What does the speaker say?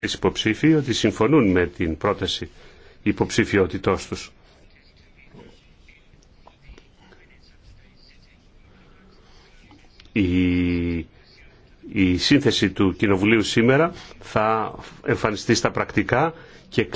υποψήφοι ότι συμφωνούν με την πρόταση υποψηφιότητός τους. Η, η σύνθεση του Κοινοβουλίου σήμερα θα εμφανιστεί στα πρακτικά και